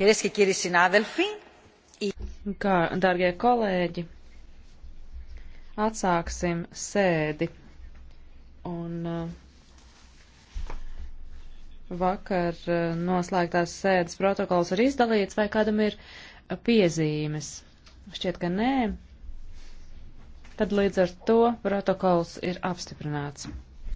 Κυρίες και κύριοι συνάδελφοι, Kā, dargie kolēģi, atsāksim sēdi. Un uh, vakar uh, noslēgtās sēdes protokols ir izdalīts, vai kādam ir uh, piezīmes? Šķiet, ka nē. Tad līdz ar to protokols ir apstiprināts.